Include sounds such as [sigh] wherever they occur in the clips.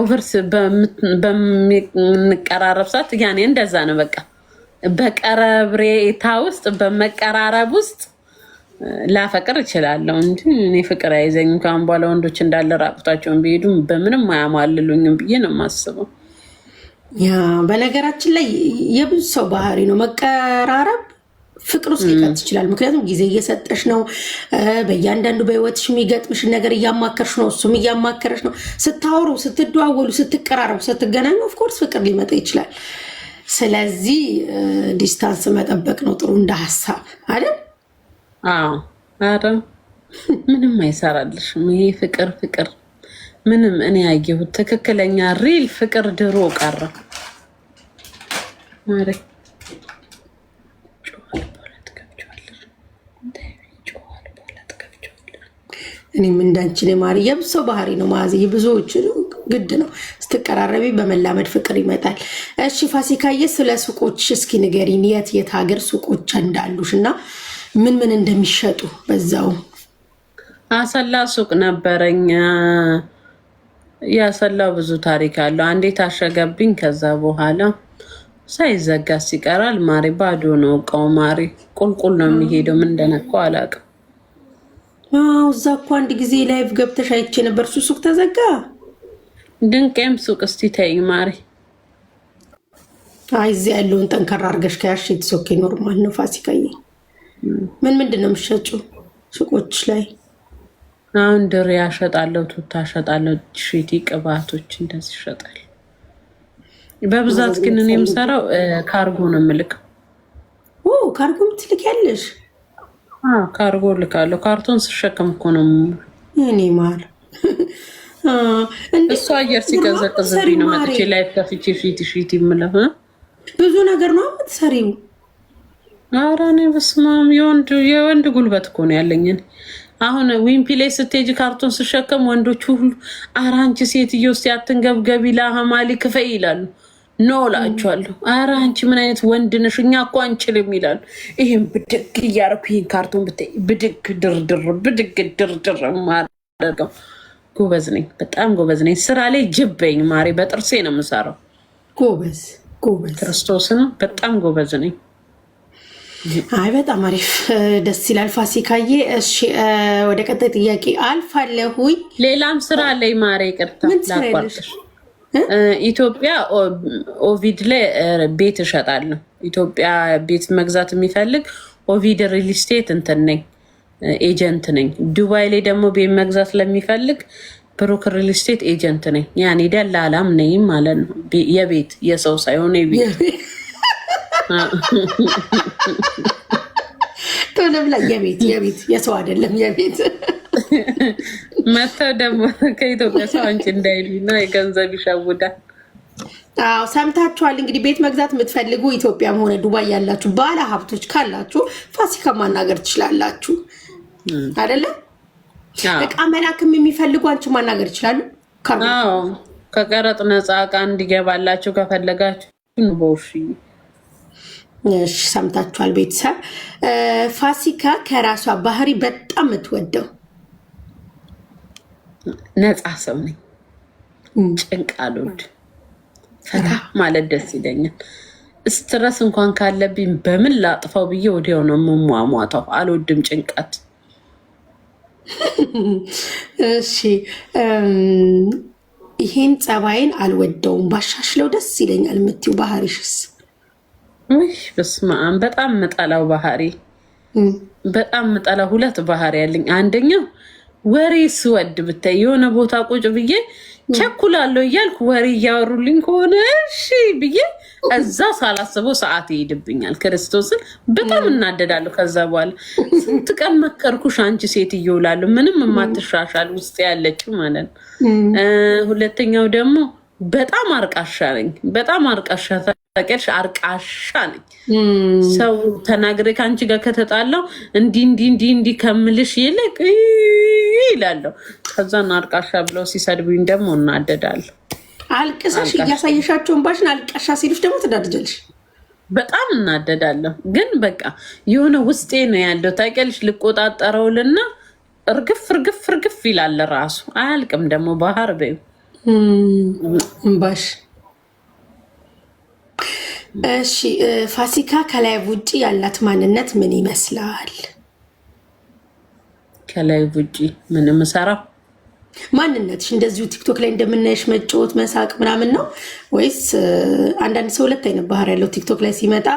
ኦቨርስ በምንቀራረብ ሰዓት ያኔ እንደዛ ነው። በቃ በቀረብሬታ ውስጥ በመቀራረብ ውስጥ ላፈቅር እችላለሁ እንጂ እኔ ፍቅር አይዘኝ ከአሁን በኋላ ወንዶች እንዳለ ራቁታቸውን ቢሄዱም በምንም አያማልሉኝም ብዬ ነው የማስበው። በነገራችን ላይ የብዙ ሰው ባህሪ ነው መቀራረብ ፍቅር ውስጥ ሊቀጥ ይችላል። ምክንያቱም ጊዜ እየሰጠሽ ነው። በእያንዳንዱ በህይወትሽ የሚገጥምሽን ነገር እያማከርሽ ነው፣ እሱም እያማከረሽ ነው። ስታወሩ፣ ስትደዋወሉ፣ ስትቀራረቡ፣ ስትገናኙ ኦፍኮርስ ፍቅር ሊመጣ ይችላል። ስለዚህ ዲስታንስ መጠበቅ ነው ጥሩ እንደ ሀሳብ አይደል? አዎ። ምንም አይሰራልሽም ይሄ ፍቅር ፍቅር ምንም እኔ ያየሁት ትክክለኛ ሪል ፍቅር ድሮ ቀረ። እኔም እንዳንችን የማር የብሶ ባህሪ ነው ማዚ ብዙዎች ግድ ነው ስትቀራረቢ በመላመድ ፍቅር ይመጣል። እሺ ፋሲካዬ፣ ስለ ሱቆች እስኪ ንገሪን፣ የት የት ሀገር ሱቆች እንዳሉሽ እና ምን ምን እንደሚሸጡ በዛው። አሰላ ሱቅ ነበረኝ። ያሰላው ብዙ ታሪክ አለው። አንዴ ታሸገብኝ። ከዛ በኋላ ሳይዘጋ ሲቀራል ማሪ ባዶ ነው እቃው። ማሪ ቁልቁል ነው የሚሄደው። ምን እንደነካው አላውቅም። እዛ እኮ አንድ ጊዜ ላይቭ ገብተሽ አይቼ ነበር። እሱ ሱቅ ተዘጋ። ድንቄም ሱቅ እስቲ ተይኝ ማሪ። አይ እዚህ ያለውን ጠንከራ አድርገሽ ከያሽ የተሶኬ ኖርማል ነው። ፋሲካዬ ምን ምንድን ነው የምትሸጪው ሱቆች ላይ? አሁን ድሬያ እሸጣለሁ፣ ቱታ እሸጣለሁ፣ ሽቲ ቅባቶች እንደዚህ ይሸጣል። በብዛት ግን እኔ የምሰራው ካርጎ ነው የምልከው። ካርጎ ያለሽ ካርጎ ልካለሁ። ካርቶን ስሸክም እኮ ነው። እኔ ማር [laughs] እሱ አየር ሲቀዘቅዝብኝ ነው መጥቼ ላይፍ ከፍቼ ፊት ፊት ይምለፍ ብዙ ነገር ነው የምትሰሪው። ኧረ እኔ በስመ አብ የወንድ ጉልበት እኮ ነው ያለኝን አሁን ዊምፒ ላይ ስቴጅ ካርቶን ስሸከም ወንዶች ሁሉ አራንች አንቺ ሴትዮ እስኪ አትንገብገቢ ለአህማሊ ክፈይ ይላሉ። ኖ እላቸዋለሁ። ኧረ አንቺ ምን አይነት ወንድ ነሽ? እኛ እኮ አንችልም ይላሉ። ይህም ብድግ እያረኩ ይህን ካርቶን ብታይ ብድግ ድርድር ብድግ ድርድር ማደርገው ጎበዝ ነኝ፣ በጣም ጎበዝ ነኝ። ስራ ላይ ጅበኝ ማሬ፣ በጥርሴ ነው የምሰራው። ጎበዝ ጎበዝ፣ ክርስቶስን በጣም ጎበዝ ነኝ። አይ በጣም አሪፍ ደስ ይላል። ፋሲካዬ፣ እሺ ወደ ቀጣይ ጥያቄ አልፋለሁኝ። ሌላም ስራ ላይ ማሬ፣ ይቅርታ ላቋርጥሽ ኢትዮጵያ ኦቪድ ላይ ቤት እሸጣለሁ። ኢትዮጵያ ቤት መግዛት የሚፈልግ ኦቪድ ሪል ስቴት እንትን ነኝ፣ ኤጀንት ነኝ። ዱባይ ላይ ደግሞ ቤት መግዛት ለሚፈልግ ብሩክ ሪል ስቴት ኤጀንት ነኝ። ያኔ ደላላም ነኝ ማለት ነው። የቤት የሰው ሳይሆን የቤት ቶሎ ብላ የቤት የቤት የሰው አይደለም የቤት መተው ደግሞ ከኢትዮጵያ ሰው አንቺ እንዳይሉ ነው። የገንዘብ ይሸውዳል። አዎ ሰምታችኋል። እንግዲህ ቤት መግዛት የምትፈልጉ ኢትዮጵያም ሆነ ዱባይ ያላችሁ ባለ ሀብቶች ካላችሁ ፋሲካ ማናገር ትችላላችሁ። አይደለም እቃ መላክም የሚፈልጉ አንቺ ማናገር ይችላሉ። ከቀረጥ ነፃ እቃ እንዲገባላችሁ ከፈለጋችሁ ንቦሽ ሰምታችኋል። ቤተሰብ ፋሲካ ከራሷ ባህሪ በጣም የምትወደው ነፃ ሰው ነኝ። ጭንቅ አልወድም። ፈታ ማለት ደስ ይለኛል። ስትረስ እንኳን ካለብኝ በምን ላጥፈው ብዬ ወዲያው ነው የምሟሟተው። አልወድም ጭንቀት። እሺ ይሄን ጸባይን አልወደውም ባሻሽለው ደስ ይለኛል የምትዩ ባህሪሽስ? ውይ በስመ አብ! በጣም ምጠላው ባህሪ በጣም ምጠላው ሁለት ባህሪ ያለኝ አንደኛው ወሬ ስወድ ብታይ የሆነ ቦታ ቁጭ ብዬ ቸኩላለሁ እያልኩ ወሬ እያወሩልኝ ከሆነ እሺ ብዬ እዛ ሳላስበው ሰዓት ይሄድብኛል። ክርስቶስን በጣም እናደዳለሁ። ከዛ በኋላ ስንት ቀን መከርኩሽ አንቺ ሴትዮ እላለሁ። ምንም የማትሻሻል ውስጥ ያለችው ማለት ነው። ሁለተኛው ደግሞ በጣም አርቃሻ ነኝ። በጣም አርቃሻ ታውቂያለሽ፣ አርቃሻ ነኝ። ሰው ተናግሬ ከአንቺ ጋር ከተጣላው እንዲህ እንዲህ እንዲህ እንዲህ ከምልሽ ይልቅ ይላለሁ። ከዛ አልቃሻ ብለው ሲሰድቡኝ ደግሞ እናደዳለሁ። አልቅሰሽ እያሳየሻቸውን ባሽን አልቃሻ ሲሉሽ ደግሞ ትናድጃለሽ። በጣም እናደዳለሁ። ግን በቃ የሆነ ውስጤ ነው ያለው ታውቂያለሽ። ልቆጣጠረውልና እርግፍ እርግፍ እርግፍ ይላል ራሱ አያልቅም። ደግሞ ባህር በይው እምባሽ እሺ ፋሲካ ከላይ ውጭ ያላት ማንነት ምን ይመስላል? ከላይ ውጪ ምንም ሰራው ማንነትሽ እንደዚሁ ቲክቶክ ላይ እንደምናየሽ መጫወት መሳቅ ምናምን ነው ወይስ? አንዳንድ ሰው ሁለት አይነት ባህሪ ያለው ቲክቶክ ላይ ሲመጣ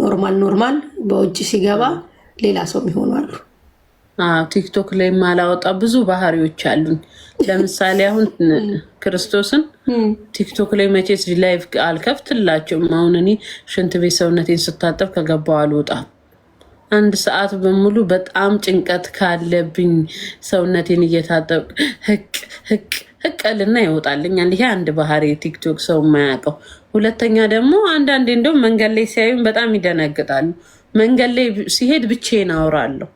ኖርማል ኖርማል፣ በውጭ ሲገባ ሌላ ሰው የሚሆኑ አሉ። ቲክቶክ ላይ ማላወጣ ብዙ ባህሪዎች አሉኝ። ለምሳሌ አሁን ክርስቶስን ቲክቶክ ላይ መቼ ላይቭ አልከፍትላቸውም። አሁን እኔ ሽንት ቤት ሰውነቴን ስታጠብ ከገባው አልወጣም። አንድ ሰዓት በሙሉ በጣም ጭንቀት ካለብኝ ሰውነቴን እየታጠብኩ ህቅ ህቅ ህቀልና ይወጣልኛል። ይሄ አንድ ባህሪ ቲክቶክ ሰው የማያውቀው። ሁለተኛ ደግሞ አንዳንዴ እንደውም መንገድ ላይ ሲያዩኝ በጣም ይደነግጣሉ። መንገድ ላይ ሲሄድ ብቼን አውራለሁ።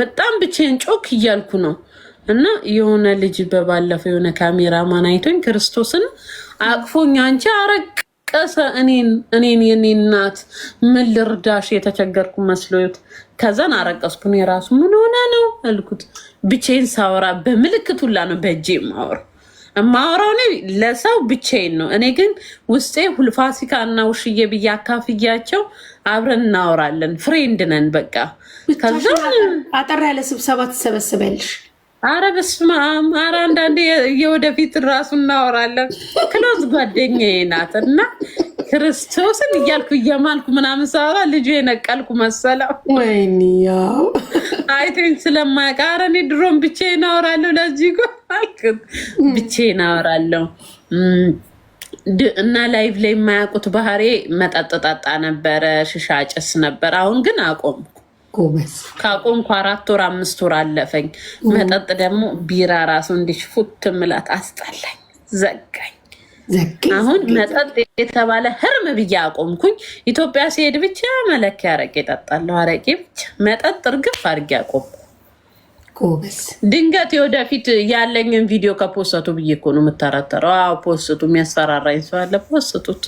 በጣም ብቼን ጮክ እያልኩ ነው እና የሆነ ልጅ በባለፈው የሆነ ካሜራማን አይቶኝ ክርስቶስን አቅፎኝ አንቺ አረቅ ቀሰ እኔን እኔን የኔ እናት ምን ልርዳሽ? የተቸገርኩ መስሎት ከዛን አረቀስኩን። የራሱ ምን ሆነ ነው አልኩት። ብቼን ሳወራ በምልክት ሁላ ነው በእጄ የማወራው የማወራው እኔ ለሰው ብቼን ነው። እኔ ግን ውስጤ ሁልፋሲካ እና ውሽዬ ብዬ አካፍያቸው አብረን እናወራለን። ፍሬንድ ነን በቃ። ከዛ አጠር ያለ ስብሰባ ትሰበስበልሽ አረ በስመ አብ! አረ አንዳንዴ የወደፊት ራሱ እናወራለን። ክሎዝ ጓደኛዬ ናት እና ክርስቶስን እያልኩ እየማልኩ ምናምን ሰባባ ልጁ የነቀልኩ መሰለው። ወይኒያው አይቶኝ ስለማያውቅ አረ እኔ ድሮም ብቻዬን አወራለሁ። ለዚህ ጎልክ ብቻዬን አወራለሁ እና ላይቭ ላይ የማያውቁት ባህሬ መጠጥ ጠጣ ነበረ፣ ሽሻ ጭስ ነበር። አሁን ግን አቆምኩ። ጎበዝ ካቆምኩ አራት ወር አምስት ወር አለፈኝ። መጠጥ ደግሞ ቢራ ራሱ እንዲች ፉት ምላት አስጠላኝ፣ ዘጋኝ። አሁን መጠጥ የተባለ ህርም ብዬ አቆምኩኝ። ኢትዮጵያ ሲሄድ ብቻ መለኪያ አረቄ ጠጣለሁ፣ አረቄ ብቻ። መጠጥ እርግፍ አድርጌ አቆምኩ። ጎበዝ ድንገት የወደፊት ያለኝን ቪዲዮ ከፖስቱ ብዬ እኮ ነው የምተረተረው። ፖስቱ የሚያስፈራራኝ ሰው አለ፣ ፖስቱት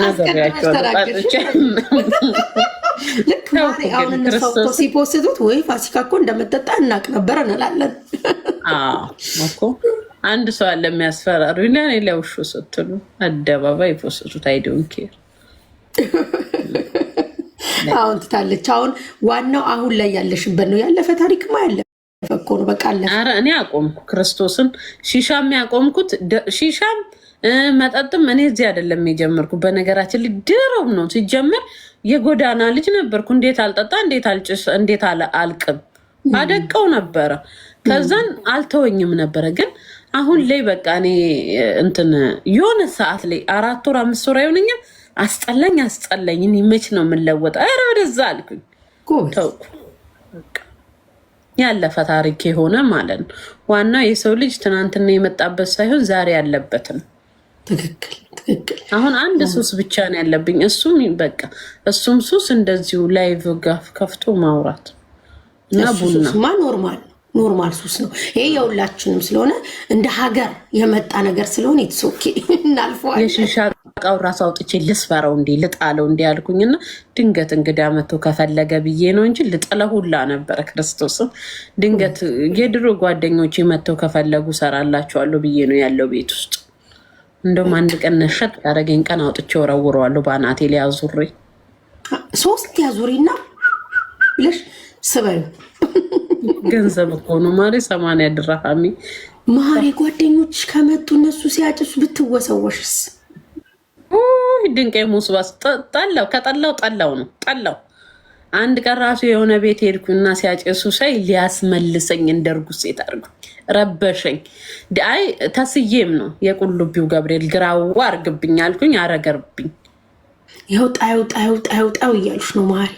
ነገሪያቸው ልክ ማሪ አሁን እነሱ አውጥተው ሲፖስቱት ወይ ፋሲካ እኮ እንደምጠጣ እናቅ ነበረ እንላለን። እኮ አንድ ሰው አለ የሚያስፈራሩ ና ስትሉ አደባባይ ፖስቱት። አይዶን ኬር አሁን ትታለች። አሁን ዋናው አሁን ላይ ያለሽበት ነው። ያለፈ ማ ያለ እኮ ነው። በቃ አለ። ኧረ እኔ አቆምኩ ክርስቶስን ሺሻም ያቆምኩት ሺሻም መጠጥም እኔ እዚህ አይደለም የጀመርኩ። በነገራችን ላይ ድሮም ነው ሲጀምር፣ የጎዳና ልጅ ነበርኩ። እንዴት አልጠጣ፣ እንዴት አልጭስ፣ እንዴት አልቅም አደቀው ነበረ። ከዛን አልተወኝም ነበረ። ግን አሁን ላይ በቃ እኔ እንትን የሆነ ሰዓት ላይ አራት ወር አምስት ወር አይሆነኛል አስጠላኝ አስጠላኝ። እኔ መች ነው የምለወጠ? ኧረ ወደዛ አልኩኝ ተውኩ። ያለፈ ታሪክ የሆነ ማለት ነው። ዋናው የሰው ልጅ ትናንትና የመጣበት ሳይሆን ዛሬ ያለበት ነው። ትክክል ትክክል። አሁን አንድ ሱስ ብቻ ነው ያለብኝ። እሱም በቃ እሱም ሱስ እንደዚሁ ላይቭ ጋፍ ከፍቶ ማውራት እና ቡናማ ኖርማል ኖርማል ሱስ ነው ይሄ የሁላችንም ስለሆነ እንደ ሀገር የመጣ ነገር ስለሆነ የተሶኬ እናልፈዋል። የሺሻ እቃው ራሱ አውጥቼ ልስፈረው እንዲ ልጣለው እንዲ ያልኩኝ እና ድንገት እንግዳ መቶ ከፈለገ ብዬ ነው እንጂ ልጥለው ሁላ ነበረ። ክርስቶስም ድንገት የድሮ ጓደኞች መተው ከፈለጉ ሰራላቸዋለሁ ብዬ ነው ያለው ቤት ውስጥ እንደውም አንድ ቀን ሸጥ ያደረገኝ ቀን አውጥቼ ወረውረዋለሁ። በአናቴ ሊያዙሪ ሶስት ያዙሪና ብለሽ ስበዩ። ገንዘብ እኮ ነው ማሬ፣ ሰማንያ ድራሃሚ ማሬ። ጓደኞች ከመጡ እነሱ ሲያጭሱ ብትወሰወሽስ? ድንቀ ሙስባስ ጠላው፣ ከጠላው ጠላው ነው ጠላው። አንድ ቀን ራሱ የሆነ ቤት ሄድኩና ሲያጨሱ ሳይ ሊያስመልሰኝ እንደርጉ ሴት አድርጉኝ ረበሸኝ። አይ ተስዬም ነው የቁልቢው ገብርኤል ግራዋ አርግብኝ አልኩኝ፣ አረገርብኝ። ይኸው ጣዩ ጣዩ ጣዩ እያሉሽ ነው ማሪ።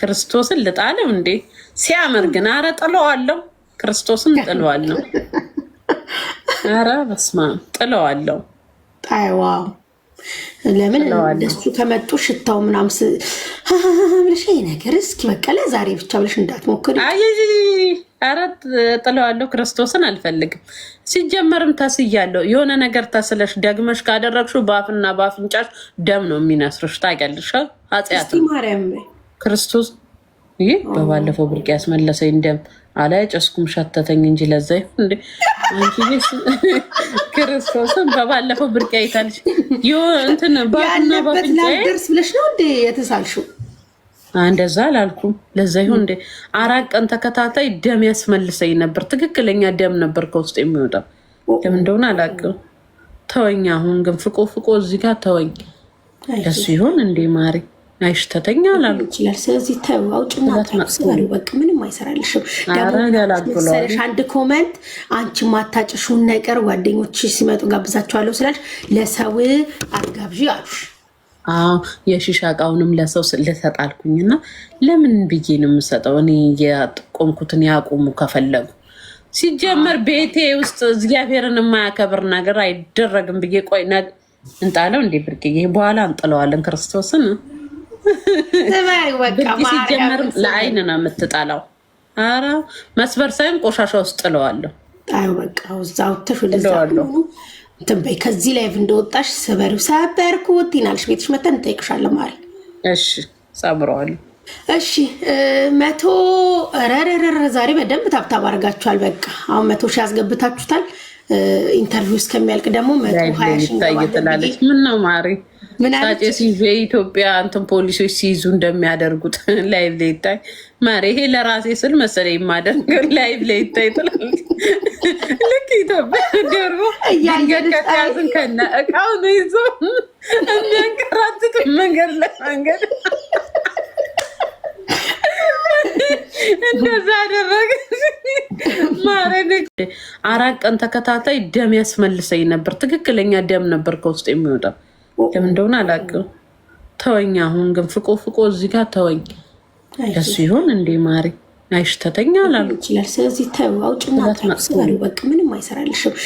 ክርስቶስን ልጣለው እንዴ? ሲያምር ግን አረ ጥለዋለው። ክርስቶስን ጥለዋለው። አረ በስመ አብ ጥለዋለው። ጣይዋው ለምን እንደሱ ከመጡ ሽታው ምናምን ብለሽ ይሄ ነገር እስኪ በቀለ ዛሬ ብቻ ብለሽ እንዳትሞክሪ። አረት ጥለዋለሁ። ክርስቶስን አልፈልግም። ሲጀመርም ታስያለሁ። የሆነ ነገር ታስለሽ ደግመሽ ካደረግሹ በአፍና በአፍንጫሽ ደም ነው የሚነስርሽ። ታውቂያለሽ። ኃጢአት ክርስቶስ ይህ በባለፈው ብርቅ ያስመለሰኝ ደም አላይ ጨስኩም ሸተተኝ እንጂ ለዛ ይሁን አንቺ ክርስቶስን በባለፈው ብርቅ አይታለች እንትን ባቡና ባቡናደርስ ብለሽ ነው እንዴ የተሳልሽው? እንደዛ አላልኩም። ለዛ ይሁን እንዴ አራት ቀን ተከታታይ ደም ያስመልሰኝ ነበር። ትክክለኛ ደም ነበር ከውስጥ የሚወጣው። ደም እንደሆነ አላውቅም። ተወኝ። አሁን ግን ፍቆ ፍቆ እዚህ ጋር ተወኝ። ለሱ ይሁን እንዴ ማሬ አይሽ ተተኛ ይችላል። ስለዚህ ተው አውጭና በቃ ምንም አይሰራልሽም። አንድ ኮመንት አንቺ ማታጭሹን ነገር ጓደኞች ሲመጡ ጋብዛቸዋለሁ ስላልሽ ለሰው አጋብዥ አሉሽ። አዎ የሺሻ እቃውንም ለሰው ልሰጣልኩኝ አልኩኝና ለምን ብዬ ነው የምሰጠው? እኔ የጥቆምኩትን ያቁሙ ከፈለጉ ሲጀመር ቤቴ ውስጥ እግዚአብሔርን የማያከብር ነገር አይደረግም ብዬ ቆይ እንጣለው እንዴ ብርቅዬ፣ በኋላ እንጥለዋለን ክርስቶስን ሲጀመር ለአይን ነው የምትጠላው። አረ መስበር ሳይሆን ቆሻሻ ውስጥ ጥለዋለሁ። ጣዩ በቃ እዛ አውጥተሽ ወደዛለሁ። ትንበይ ከዚህ ላይ እንደወጣሽ ስበሪው ሰበርኩት ይናልሽ ቤትሽ መተን እንጠይቅሻለሁ ማለት እሺ፣ ሰብረዋለሁ። እሺ መቶ ረረረረ ዛሬ በደንብ ታብታብ አድርጋችኋል። በቃ አሁን መቶ ሺህ ያስገብታችሁታል። ኢንተርቪው እስከሚያልቅ ደግሞ ይታየትላለች። ምን ነው ማሪ ምናጭ ሲዙ የኢትዮጵያ እንትን ፖሊሶች ሲይዙ እንደሚያደርጉት [laughs] ላይቭ ላይታይ ማሪ ይሄ ለራሴ ስል መሰለኝ የማደርገው [laughs] ላይቭ ላይታይ ይታይ ትላለች። [laughs] ልክ ኢትዮጵያ ደርቦ ድንገት ከተያዝን ከና እቃው ነው ይዞ የሚያንከራትት መንገድ ለመንገድ እንደዛ አደረግን። አራት ቀን ተከታታይ ደም ያስመልሰኝ ነበር። ትክክለኛ ደም ነበር ከውስጥ የሚወጣው። ደም እንደሆነ አላውቅም። ተወኝ። አሁን ግን ፍቆ ፍቆ እዚህ ጋር ተወኝ። ለሱ ይሆን እንዴ ማሪ አይሽተተኛ አላሉ። ስለዚህ ተው አውጭና ምንም አይሰራልሽም።